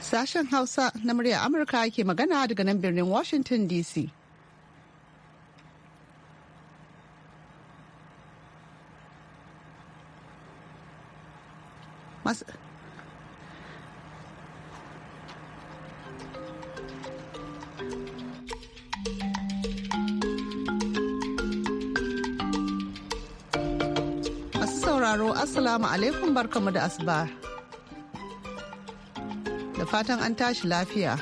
Sashen Hausa na murya Amurka ke magana daga nan birnin Washington DC. masu sauraro Assalamu alaikum barkamu da asuba fatan an tashi lafiya.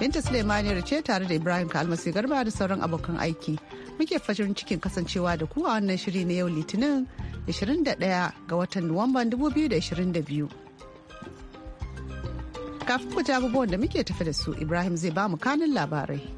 Binta Suleimani ce tare da Ibrahim Kalmasi Garba da sauran abokan aiki. Muke fashirin cikin kasancewa da ku a wannan shiri na yau Litinin 21 ga watan Nuwamban 2022. Kafin ku ji abubuwan da muke tafi da su, Ibrahim zai ba mu kanin labarai.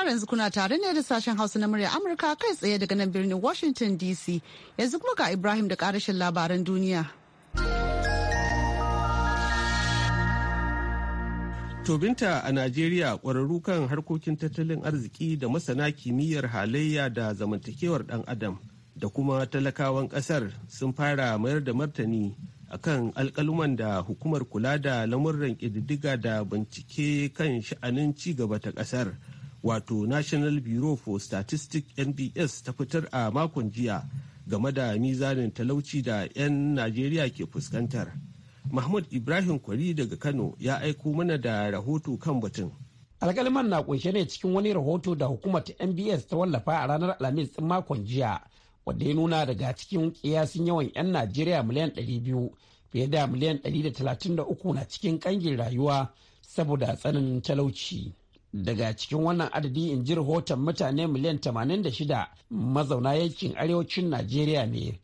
har yanzu kuna tare ne da sashen hausa na murya amurka kai tsaye daga nan birnin washington dc yanzu kuma ga ibrahim da karashin labaran duniya tobinta a najeriya kwararru kan harkokin tattalin arziki da masana kimiyyar halayya da zamantakewar dan adam da kuma talakawan kasar sun fara mayar da martani akan alkaluman da hukumar kula da lamurran ƙididdiga da bincike kan sha'anin ci gaba ta ƙasar wato national bureau for statistics nbs ta fitar a makon jiya game da mizanin talauci da 'yan najeriya ke fuskantar mahmud ibrahim kwari daga kano ya aiko mana da rahoto kan batun Alkalman na kunshe ne cikin wani rahoto da hukumar ta nbs ta wallafa a ranar alhamis din makon jiya wanda ya nuna daga cikin kiyasin yawan 'yan najeriya miliyan 200 fiye da miliyan 133 na cikin kangin rayuwa saboda tsananin talauci daga cikin wannan adadi in ji rahoton mutane miliyan 86 mazauna yankin arewacin najeriya ne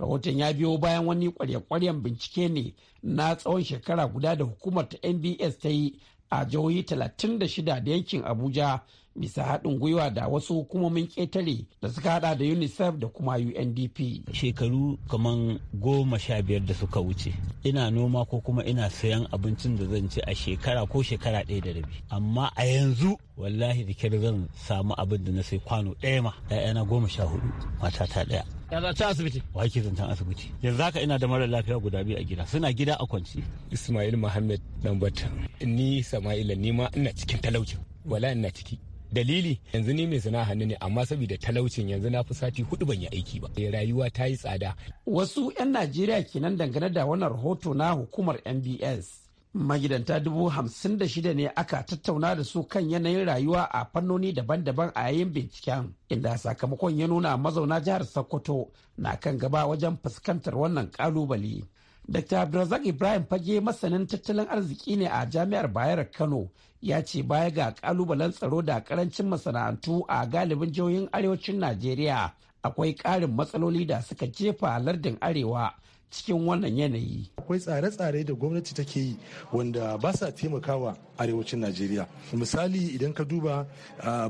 rahoton ya biyo bayan wani kwarya-kwaryen bincike ne na tsawon shekara guda da hukumar ta nbs ta yi a jihohi 36 da yankin abuja bisa haɗin gwiwa da wasu hukumomin ƙetare da suka hada da unicef da kuma undp shekaru kamar goma sha biyar da suka wuce ina noma ko kuma ina sayan abincin da zan ci a shekara ko shekara ɗaya da rabi amma a yanzu wallahi da kyar zan samu abin da na sai kwano ɗaya ma ɗaya goma sha hudu matata ɗaya ya zace asibiti wa ke zantan asibiti yanzu haka ina da mara lafiya guda biyu a gida suna gida a kwanci ismail muhammad dambata ni sama'ila ni ma ina cikin talauci. wala ina ciki dalili yanzu ni mai sana'a hannu ne amma saboda talaucin yanzu na fi sati hudu ban yi aiki ba eh, rayuwa ta yi tsada wasu 'yan najeriya kenan dangane da wannan rahoto na hukumar mbs magidanta dubu hamsin da shida ne aka tattauna da su kan yanayin rayuwa a fannoni daban-daban a yayin binciken inda sakamakon ya nuna mazauna jihar sokoto na kan gaba wajen fuskantar wannan kalubale dr abdulrazak ibrahim fage masanin tattalin arziki ne a jami'ar bayar kano ya ce baya ga kalubalen tsaro da karancin masana'antu a galibin jihohin arewacin najeriya akwai karin matsaloli da suka jefa lardin arewa cikin wannan yanayi. Akwai tsare-tsare da gwamnati take yi wanda ba sa taimakawa arewacin Najeriya. Misali idan ka duba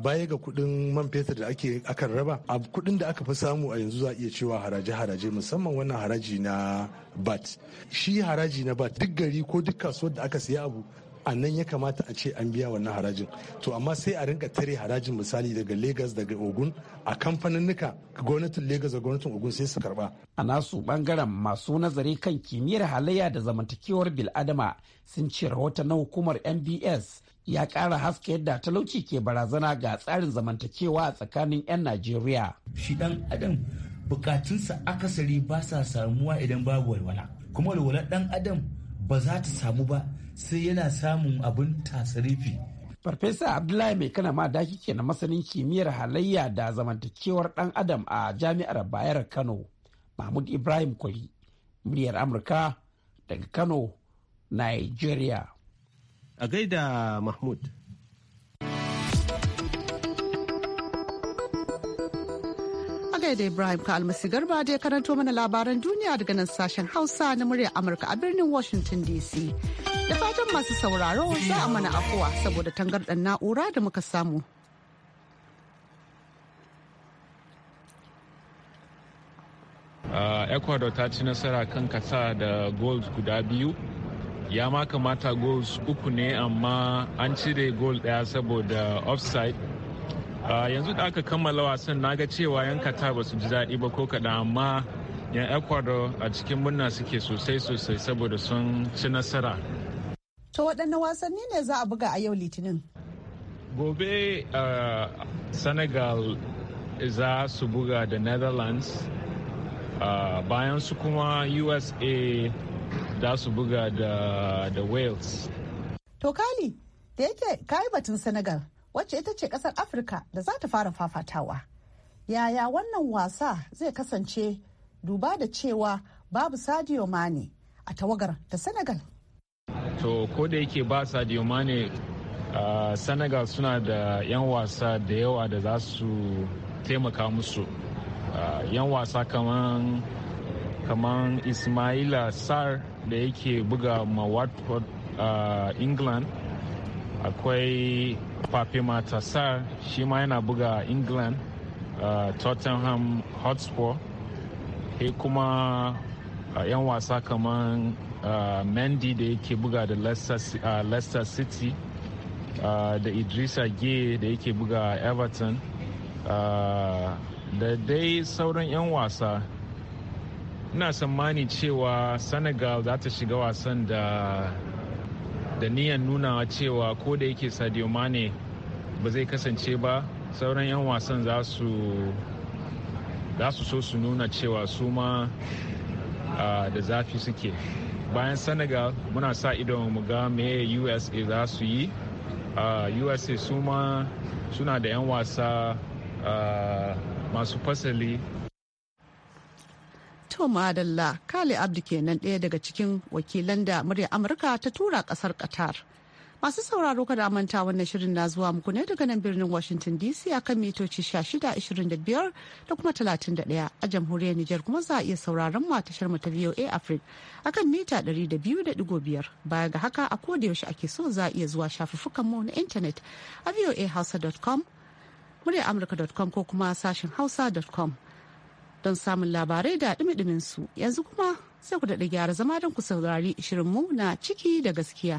baya ga kudin man fetur da ake akan raba, a kudin da aka fi samu a yanzu za a iya cewa haraje-haraje musamman wannan haraji na BAT. Shi haraji na BAT duk gari ko duk kasuwar da aka siya abu a nan ya kamata a ce an biya wannan harajin to amma sai a rinka tare harajin misali daga lagos daga ogun a kamfaninnika gwamnatin lagos da gwamnatin ogun sai su karba a nasu bangaren masu nazari kan kimiyyar halayya da zamantakewar biladama sun ce rahoton na hukumar mbs ya ƙara haske yadda talauci ke barazana ga tsarin zamantakewa a tsakanin 'yan najeriya shi dan adam bukatunsa akasari ba sa samuwa idan babu walwala kuma walwalar dan adam ba za ta samu ba sai yana samun abin tasirifi. Farfesa Abdullahi Mai Kana Madaki na masanin kimiyyar halayya da zamantakewar ɗan Adam a Jami'ar Bayar Kano, Mahmud Ibrahim Kwari, muryar Amurka daga Kano, Nigeria. A gaida Mahmud. ne da Ibrahim ka almasi garba da ya karanto mana labaran duniya daga nan sashen Hausa na muryar Amurka a birnin Washington DC. Da fatan masu sauraro za a mana afuwa saboda tangarɗar na'ura da muka samu. Ecuador ta ci nasara kan kasa da goals guda biyu. Ya ma kamata goals uku ne amma an cire goal ɗaya saboda offside. yanzu da aka kammala wasan na ga cewa yan kata ba su ji daɗi ba ko kaɗan amma yan ecuador a cikin murna suke sosai sosai saboda sun ci nasara to waɗanne wasanni ne za a buga a yau litinin gobe senegal za su buga da netherlands bayan su kuma usa za su buga da wales to kali da yake kayi batun senegal wacce ita ce kasar afirka da za ta fara fafatawa yaya wannan wasa zai kasance duba da cewa babu sadio mane a tawagar ta senegal to ko da yake ba sadio mane senegal suna da 'yan wasa da yawa da za su taimaka musu 'yan wasa kaman kaman ismaila sar da yake buga ma watford uh, england akwai Fafima Tassar shi ma yana buga England uh, Tottenham Hotspur he kuma uh, 'yan wasa kamar uh, Mendy da yake buga da Leicester, uh, Leicester City uh, da Idrissa Gay da yake buga Everton uh, da dai sauran 'yan wasa ina tsammani cewa Senegal za ta shiga wasan da da niyan nuna cewa ko da yake sadio mane ba zai kasance ba sauran 'yan wasan za su so su nuna cewa su ma da zafi suke bayan senegal muna sa ido mu ga meye usa za su yi usa su ma suna da 'yan wasa masu fasali To madalla Kale Abdu kenan ɗaya daga cikin wakilan da murya Amurka ta tura ƙasar Qatar. Masu sauraro kada manta wannan shirin na zuwa muku ne daga nan birnin Washington DC a kan mitoci 1625 da kuma 31 a jamhuriyar Nijar kuma za a iya sauraron mu a tashar mu ta VOA Africa a kan mita 200.5 baya ga haka a koda yaushe ake so za a iya zuwa shafuffukan mu na intanet a voahausa.com muryar amurka.com ko kuma sashen hausa.com don samun labarai da dumi su yanzu kuma sai ku daɗa gyara zama don ku saurari shirinmu na ciki da gaskiya.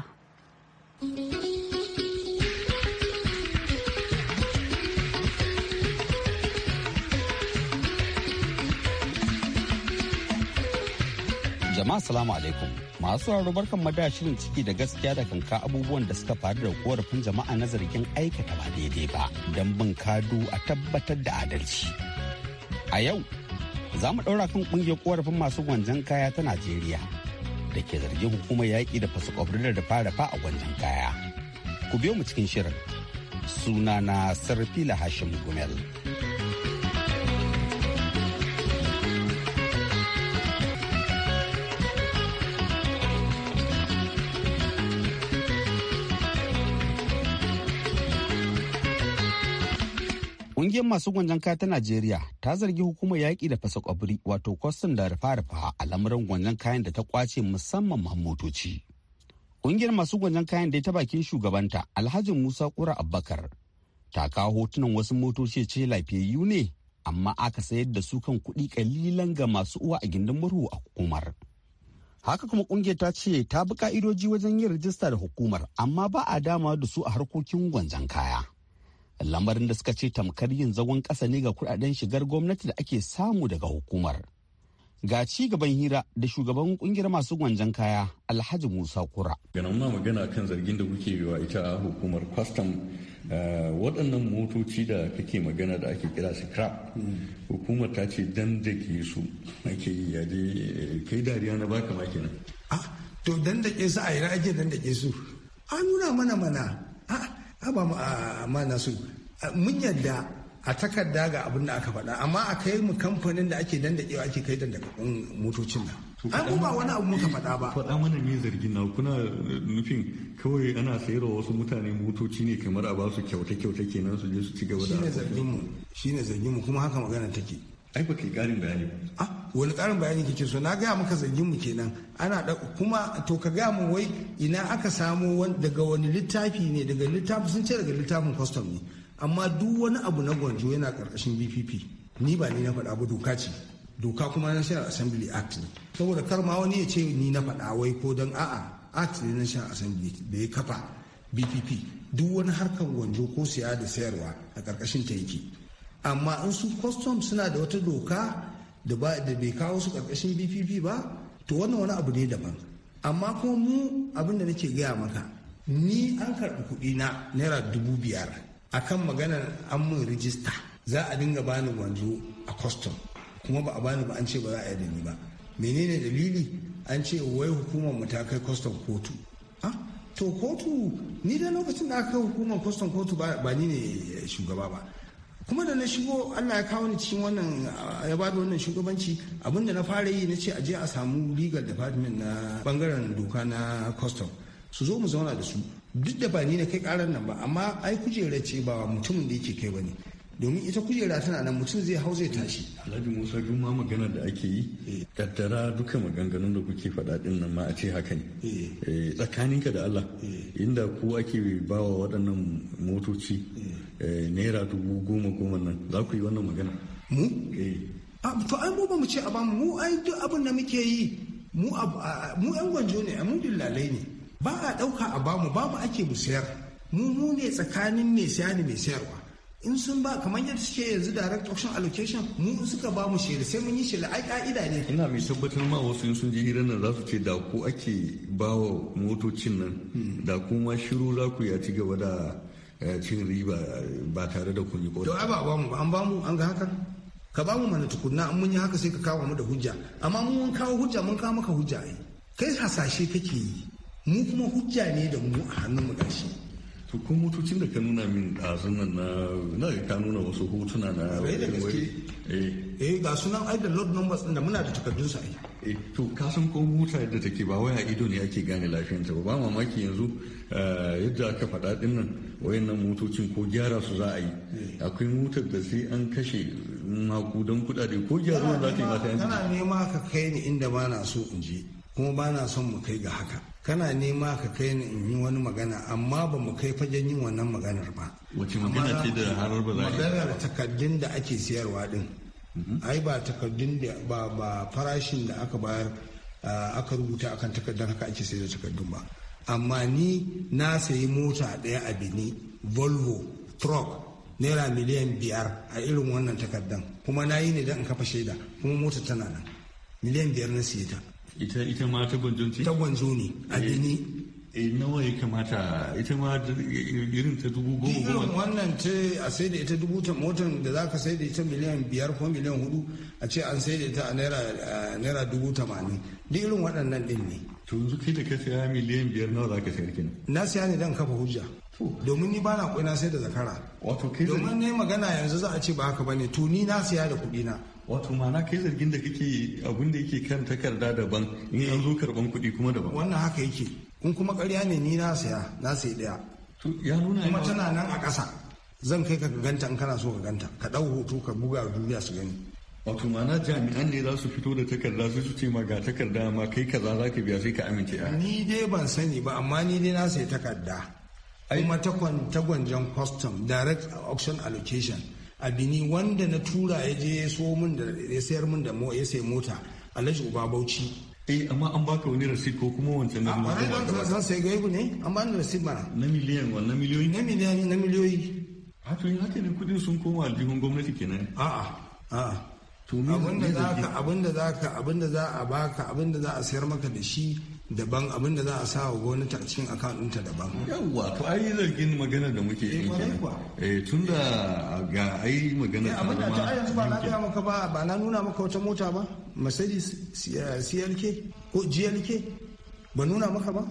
Jama'a salamu alaikum masu sauraro barkan mada shirin ciki da gaskiya da kanka abubuwan da suka faru da korafin jama'a na zargin aikata ba daidai ba don bin kadu a tabbatar da adalci. A yau za mu ɗaura kan ƙungiyar ƙorafin masu gwanjan kaya ta najeriya da ke zargin hukumar yaƙi da fasakwabrir da fara fa a gwanjan kaya ku biyo mu cikin shirin sunana sarfila hashim gumel. masu gwanjan kaya ta Najeriya ta zargi hukumar yaƙi da fasa kwabri wato kwastin da rufa-rufa a lamarin gwanjan kayan da ta kwace musamman motoci. Ƙungiyar masu gwanjan kayan da ta bakin shugabanta Alhaji Musa Kura Abubakar ta kawo hotunan wasu motoci ce lafiyayyu ne amma aka sayar da su kan kuɗi ƙalilan ga masu uwa a gindin murhu a hukumar. haka kuma ƙungiyar ta ce ta bi ƙa'idoji wajen yin rijista da hukumar amma ba a dama da su a harkokin gwanjan kaya lamarin da suka ce tamkar yin zagon ƙasa ne ga kudaden shigar gwamnati da ake samu daga hukumar ga ci gaban hira da shugaban kungiyar masu gwanjan kaya alhaji musa kura ganin ma magana kan zargin da kuke yi wa ita hukumar kwastam eh, waɗannan motoci da kake magana da ake kira kira hukumar ta ce dan da ke su ake yi je eh, kai dariya na baka ma kenan ah, to dan da ke su a yi ake dan da ke su an nuna mana mana haba mu amma ah, nasu ah, mun yadda a takarda ga abin da aka faɗa amma a kai mu kamfanin da ake nan da kewa ake kai kafin motocin nan an kuma wani abu muka faɗa ba faɗa mana ne zargin na kuna nufin kawai ana sayarwa wasu mutane motoci ne kamar a basu kyauta kyauta kenan su je su ci gaba da shine zargin mu zargin mu kuma haka magana take ai ba ke garin bayani ba a ah, wani karin bayani kake so na gaya maka zargin mu kenan ana da kuma to ka gaya mu wai ina aka samo daga wani littafi ne daga littafi sun ce daga littafin custom ne amma duk wani abu na gwanjo yana karkashin bpp ni ba ni na faɗa ba doka ce doka kuma national assembly act ne saboda kar ma wani ya ce ni na faɗa wai ko don a'a act ne national assembly da ya kafa bpp duk wani harkar gwanjo ko siya da sayarwa a karkashin ta yake amma in su kwastom suna da wata doka da bai kawo su karkashin bpp ba to wannan wani abu ne daban amma kuma mu abin da nake gaya maka ni an karɓi kuɗi na naira dubu biyar a kan maganar an mun rijista za a dinga bani wanzu a custom kuma ba a bani ba an ce ba za a yi da ni ba menene dalili an ce wai hukumar mu ta kai custom kotu to kotu ni da lokacin da aka hukumar kwastom kotu ba ni ne shugaba ba kuma da na shigo allah ya kawo ni cikin wannan ah, ya bada wannan shugabanci abinda na fara yi na ce a je a samu legal department na bangaren doka na custom su zo mu zauna da su duk da ba ni na kai karar nan ba amma ai kujera ce ba mutumin da yake kai ba ne domin ita kujera tana nan mutum zai hau zai tashi alhaji musa juma magana da ake yi eh. kaddara duka maganganun da kuke faɗa din nan ma a ce haka ne eh. Eh, tsakaninka da allah inda ku ake bawa waɗannan motoci naira dubu goma goma nan za ku yi wannan magana mu to ai mu ba mu ce a ba mu ai duk abin da muke yi mu yan gwanjo ne a mudin lalai ne ba a ɗauka a bamu mu ake mu sayar mu mu ne tsakanin mai siya ne mai sayarwa in sun ba kamar yadda suke yanzu direct auction allocation mu suka ba mu shela sai mun yi shela ai ka'ida ne ina mai tabbatar ma wasu in sun je hirar nan za su ce da ku ake bawa motocin nan hmm. da kuma shiru za ku ya ci gaba da eh, cin riba ba tare da kun yi ko da ba ba mu an ba mu an ga haka? ka ba mu mana tukunna an mun yi haka sai ka kawo mu da hujja amma mun mun kawo hujja mun kawo maka hujja ai kai hasashe kake yi mu kuma hujja ne da mu a hannun mu shi to kun motocin da ka nuna min a nan na na ka nuna wasu hotuna na da gaske eh. eh ga sunan ai da lord numbers din da muna da takardun sa ai eh, to ka san ko mota yadda take ba wai a ido ne ake gane lafiyanta ba ba mamaki yanzu eh, yadda aka faɗa din nan wayannan motocin ko gyara su za a yi akwai motar da sai an kashe makudan kuɗaɗe ko gyara za ta yi mata yanzu tana nema ka kai ni inda ba na so in je kuma ba na son mu kai ga haka kana nema ka kai ni in yi wani magana amma ba mu kai fagen yin wannan maganar ba wace magana ce da har ba za maganar takardun da ake siyarwa din mm-hmm. ai ba takardun da ba ba farashin da aka bayar ah, aka rubuta akan takardun haka ake sayar da takardun ba amma ni na sayi mota ɗaya a Bini Volvo truck naira miliyan biyar a irin wannan takardan kuma na yi ne don in kafa shaida kuma mota tana nan miliyan biyar na siye ta ita ita ma ta gwanzo ta gwanzo ne a eh, gani e nawa ya kamata ita ma irin ta dubu goma goma wannan ce a sai da ita dubu ta motar da za ka sai da ita miliyan biyar ko miliyan hudu a ce an sai da ita a naira dubu tamanin duk irin waɗannan ɗin ne to yanzu kai da ka saya miliyan biyar nawa za ka sayar kenan na siya ne dan kafa hujja domin ni ba na kwai na sai da zakara domin ne magana yanzu za a ce ba haka bane to ni na siya da kuɗi na wato ma'ana kai zargin da kake abin da yake kan takarda daban in an zo karban kuɗi kuma daban wannan haka yake kun kuma ƙarya ne ni na saya na sayi ɗaya ya nuna kuma tana nan a ƙasa zan kai ka ka ganta in kana so ka ganta ka ɗau hoto ka buga duniya su gani wato ma'ana jami'an ne za su fito da takarda su su ce ma ga takarda ma kai kaza za ka biya sai ka amince ya ni dai ban sani ba amma ni dai na sayi takarda kuma ta gwanjan custom direct auction allocation a bini wanda na tura ya je ya so min da ya sayar min da ya sayi mota alhaji uba bauchi eh amma an baka wani receipt ko kuma wancan na ba ba zan sai gaibu ne an bani receipt mana na miliyan na miliyoyi na miliyan na miliyoyi a ah, to yin haka ne kudin sun koma aljihun gwamnati kenan a a'a abinda za ka abinda za ka abinda za a baka abinda za a sayar maka da shi daban abin da za a sa wa gwamnati a cikin akaunta daban. Yawwa to ai zargin magana da muke yi eh, eh Tunda ga ai magana eh, ta ma. ta yanzu ba na gaya maka ba ba na nuna maka wata mota ba Mercedes CLK ko GLK ba nuna maka ba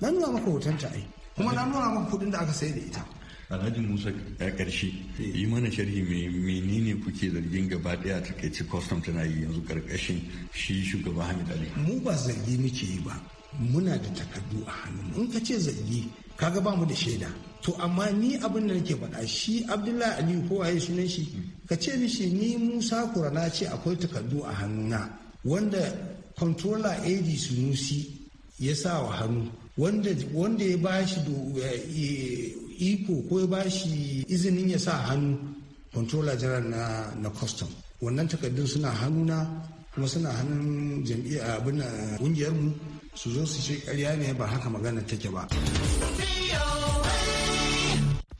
na nuna maka hoton ta ai kuma na nuna maka kudin da aka sayar da ita. Alhaji Musa a ƙarshe eh. yi mana sharhi menene kuke zargin gaba ta a takaici custom tana yi yanzu ƙarƙashin shi shugaba Hamid Ali. Mu ba zargi muke yi ba muna da takardu a hannu in ka ce zargi kaga ba mu da shaida to amma ni abin da nake faɗa shi abdullahi aliyu ko waye sunan shi ka ce mishi ni musa kurana ce akwai takardu a hannuna wanda controller ad sunusi ya sa wa hannu wanda ya ba shi eh, eh, iko ko ya ba shi izinin ya sa hannu controller general na, na custom wannan takardun suna hannuna kuma suna hannun jami'a, abin mu su zo su ce karya ne ba haka magana take ba.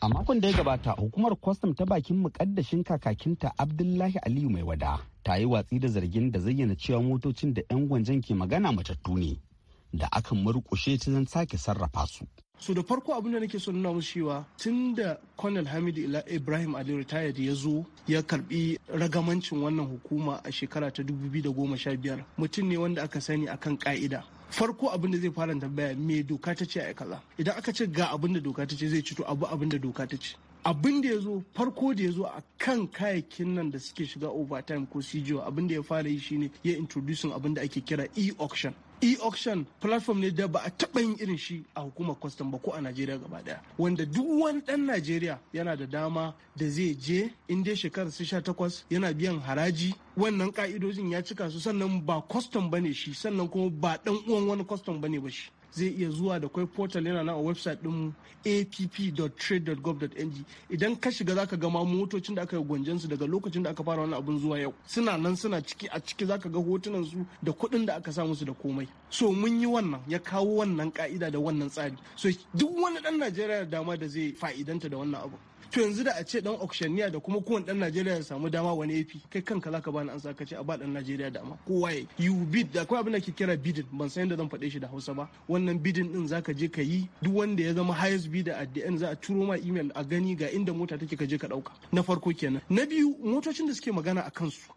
A makon da ya gabata hukumar kwastam ta bakin mukaddashin kakakinta Abdullahi Aliyu mai wada ta yi watsi da zargin da zayyana cewa motocin da 'yan gwanjan ke magana matattu ne da akan murƙushe ta zan sake sarrafa su. so da farko abin da nake so nuna musu cewa tun da colonel hamid ibrahim ali retired ya zo ya karbi ragamancin wannan hukuma a shekara ta 2015 mutum ne wanda aka sani akan ka'ida farko abin da zai fara tambaya me doka ta ce a kaza idan aka ce ga abin da doka ta ce zai ci to abu abin da doka ta ce abin da ya zo farko da ya zo a kan kayakin nan da suke shiga overtime ko cgo abin da ya fara yi shine ya introducing abin da ake kira e-auction e-auction platform ne da ba a taɓa yin irin shi a hukumar custom ba ko a najeriya gaba daya wanda duk wani ɗan najeriya yana da dama da zai je in dai shekarar su sha takwas yana biyan haraji wannan ka'idojin ya cika su sannan ba custom ba shi sannan kuma ba ɗan uwan wani custom bane ba shi zai iya zuwa da kwai portal yana na a website din app.trade.gov.ng idan ka shiga zaka ga ma motocin da aka yi su daga lokacin da aka fara wannan abin zuwa yau suna nan suna ciki a ciki zaka ga hotunan su da kuɗin da aka sa musu da komai so mun yi wannan ya kawo wannan ka'ida da wannan tsari so duk wani ɗan Najeriya da dama da zai fa'idanta da wannan abu to yanzu da a ce dan auctioneer da kuma kowane dan Najeriya ya samu dama wani yafi kai kanka zaka bani an ka ce a ba dan Najeriya dama kowa ya you bid da akwai abin da ke kira bidin ban san yadda zan faɗe shi da Hausa ba wannan bidin din ka je ka yi duk wanda ya zama highest bidder at the end za a turo ma email a gani ga inda mota take ka je ka ɗauka. na farko kenan na biyu motocin da suke magana a kansu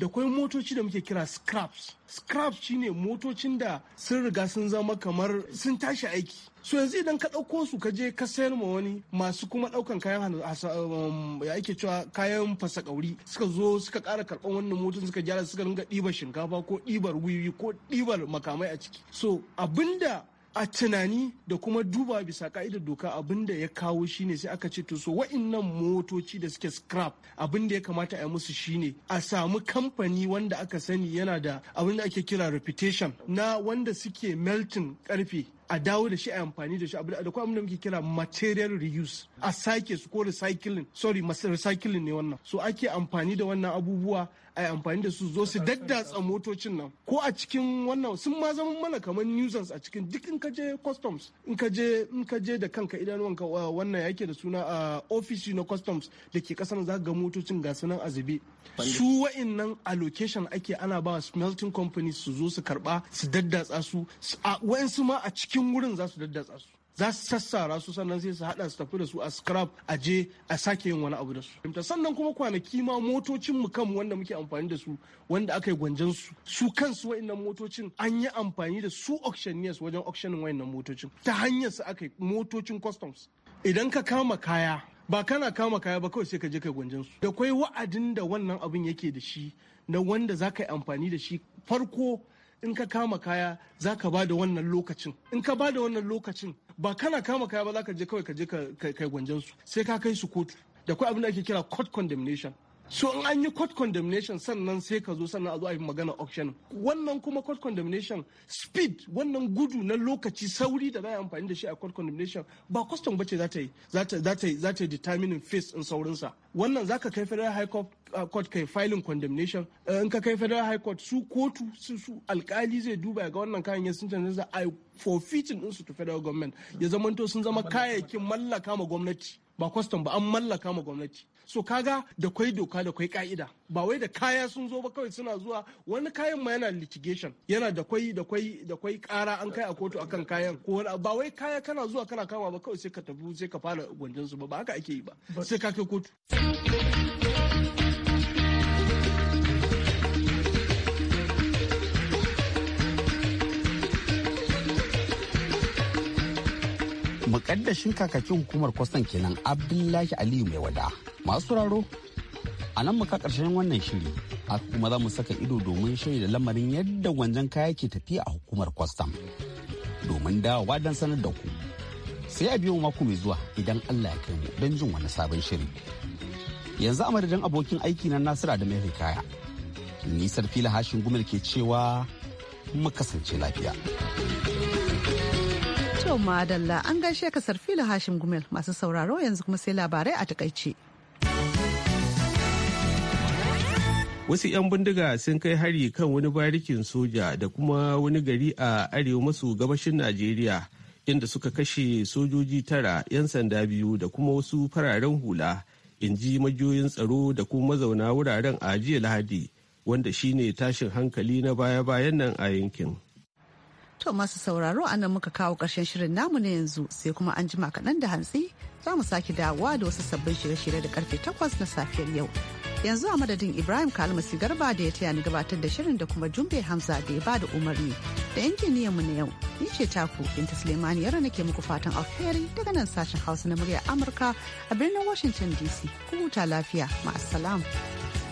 da kwai motoci da muke kira scraps scraps shine motocin da sun riga sun zama kamar sun tashi aiki so yanzu idan ka ɗauko su ka je ka sayar ma wani masu kuma ɗaukan kayan um, ya ake cewa kayan fasakauri suka zo suka ƙara karɓar wannan motocin suka gyara suka ringa ɗibar shinkafa ko ɗibar wiwi ko ɗibar makamai a ciki so abinda a tunani da kuma duba bisa ka'idar doka abinda ya kawo shine sai aka ce to so wa'innan motoci da suke scrap abinda ya kamata a yi musu shine a samu kamfani wanda aka sani yana da abin ake kira reputation na wanda suke melting karfe a dawo da shi a amfani da shi abu da kuma da muke kira material reuse a sake su ko recycling sorry recycling ne wannan so ake amfani da wannan abubuwa a amfani da su zo su daddatsa motocin nan ko a cikin wannan sun ma zama mana kamar nuisance a cikin duk in ka je customs in ka je in ka da kanka idanuwanka wannan yake da suna a ofishi na customs da ke kasar za ga motocin ga sunan azube su a allocation ake ana ba smelting companies su zo su karba su daddatsa su a wayansu ma a cikin cikin wurin za su daddatsa su za su sassara su sannan sai su hada su tafi da su a scrap a je a sake yin wani abu da su sannan kuma kwanaki ma motocin mu kanmu wanda muke amfani da su wanda aka yi gwanjan su su kansu wayannan motocin an yi amfani da su auctioneers wajen auctioning wayannan motocin ta hanyar su aka yi motocin customs idan ka kama kaya ba kana kama kaya ba kawai sai ka je kai gwanjan su da kwai wa'adin da wannan abin yake da shi na wanda za ka yi amfani da shi farko in ka kama kaya za ka ba da wannan lokacin in ka ba da wannan lokacin ba kana kama kaya ba za ka je kawai ka je ka kai gwanjan su sai ka kai su kotu da kwai abin da ake kira court condemnation so in an yi court condemnation sannan sai ka zo sannan a zo a yi magana auction wannan kuma court condemnation speed wannan gudu na lokaci sauri da za a amfani da shi a court condemnation ba custom bace za ta yi za ta yi determining face in saurinsa wannan za ka kai federal high court uh, court kai filing condemnation uh, in ka kai federal high court su kotu su su alkali zai duba ga wannan kayan sun canza a forfeiting in su to federal government ya zamanto sun zama kayayyakin mallaka ma gwamnati ba kwastam ba an mallaka ma gwamnati so kaga da kwai doka da kwai ka'ida ba wai da kaya sun zo ba kawai suna zuwa wani kayan ma yana litigation yana da kwai da kwai da kwai kara an kai a kotu akan kayan ko bawai ba wai kaya kana zuwa kana kama ba kawai sai ka tafi sai ka fara gwanjan su ba ba haka ake yi ba sai ka kai kotu yadda kakakin hukumar kwastan kenan abdullahi aliyu mai wada masu sauraro a nan muka karshen wannan shiri a kuma za mu saka ido domin shiri da lamarin yadda gwanjan kaya ke tafiya a hukumar kwastan domin dawowa don sanar da ku sai a biyo mako mai zuwa idan allah ya kai mu don jin wani sabon shiri yanzu a madadin abokin aiki na nasira da mai kaya nisar fila hashin gumil ke cewa mu kasance lafiya. ma madalla an gaishe kasar sarfila Hashim Gumel masu sauraro yanzu kuma sai labarai a takaice. Wasu 'yan bindiga sun kai hari kan wani barikin soja da kuma wani gari a arewa maso gabashin Najeriya inda suka kashe sojoji tara 'yan sanda biyu da kuma wasu fararen hula in ji majiyoyin tsaro da kuma mazauna wuraren a lahadi wanda shine tashin hankali na baya-bayan nan a yankin. To masu sauraro a nan muka kawo ƙarshen shirin namu na yanzu sai kuma an jima kaɗan da hantsi za mu sake dawowa da wasu sabbin shirye-shirye da karfe 8 na safiyar yau. Yanzu a madadin Ibrahim Kalmasi Garba da ya taya ni gabatar da shirin da kuma Jumbe Hamza da ya bada umarni da injiniyan mu na yau. Ni ce taku Binta Suleimani yara nake muku fatan alheri daga nan sashen Hausa na muryar Amurka a birnin Washington DC. Ku huta lafiya. Ma'assalam.